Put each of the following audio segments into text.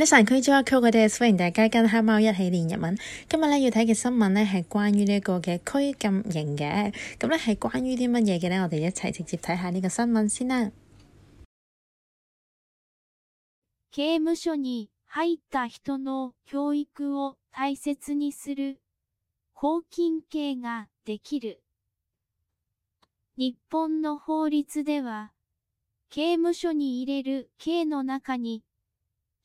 皆さんこんにちは。歡迎大家跟黑貓一起練日文。今日呢要睇嘅新聞呢，係關於呢一個嘅拘禁刑嘅。咁呢係關於啲乜嘢嘅呢？我哋一齊直接睇下呢個新聞先啦。刑務所に入った人の教育を大切にする拘禁刑ができる。日本の法律では刑務所に入れる刑の中に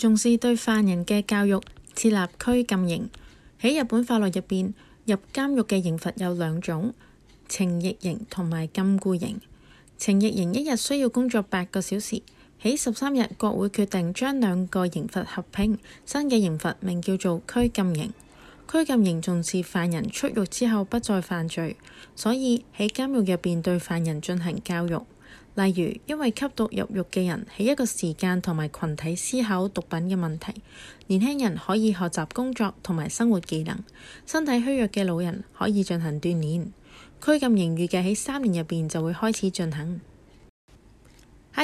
重視對犯人嘅教育，設立拘禁刑。喺日本法律入邊，入監獄嘅刑罰有兩種：懲役刑同埋禁錮刑。懲役刑一日需要工作八個小時。喺十三日國會決定將兩個刑罰合併，新嘅刑罰名叫做拘禁刑。拘禁刑重視犯人出獄之後不再犯罪，所以喺監獄入邊對犯人進行教育。例如，因為吸毒入獄嘅人喺一個時間同埋群體思考毒品嘅問題。年輕人可以學習工作同埋生活技能，身體虛弱嘅老人可以進行鍛鍊。拘禁營預計喺三年入邊就會開始進行。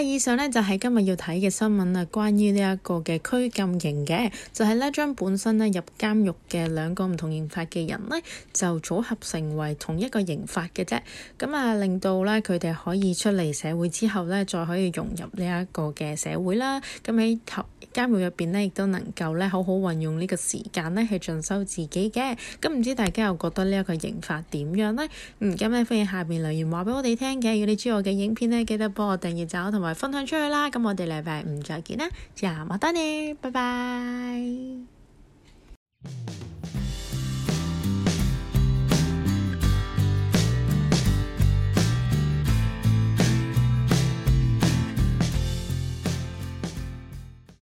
以上呢，就係今日要睇嘅新聞啊，關於呢一個嘅拘禁刑嘅，就係呢將本身呢入監獄嘅兩個唔同刑法嘅人呢，就組合成為同一個刑法嘅啫。咁啊，令到呢，佢哋可以出嚟社會之後呢，再可以融入呢一個嘅社會啦。咁喺囚監獄入邊呢，亦都能夠呢，好好運用呢個時間呢，去進修自己嘅。咁唔知大家又覺得呢一個刑法點樣呢？嗯，咁呢，歡迎下面留言話俾我哋聽嘅。如果你中意我嘅影片呢，記得幫我訂閱我同埋，分享出去啦！咁我哋禮拜五再見啦，之後我得你，拜拜。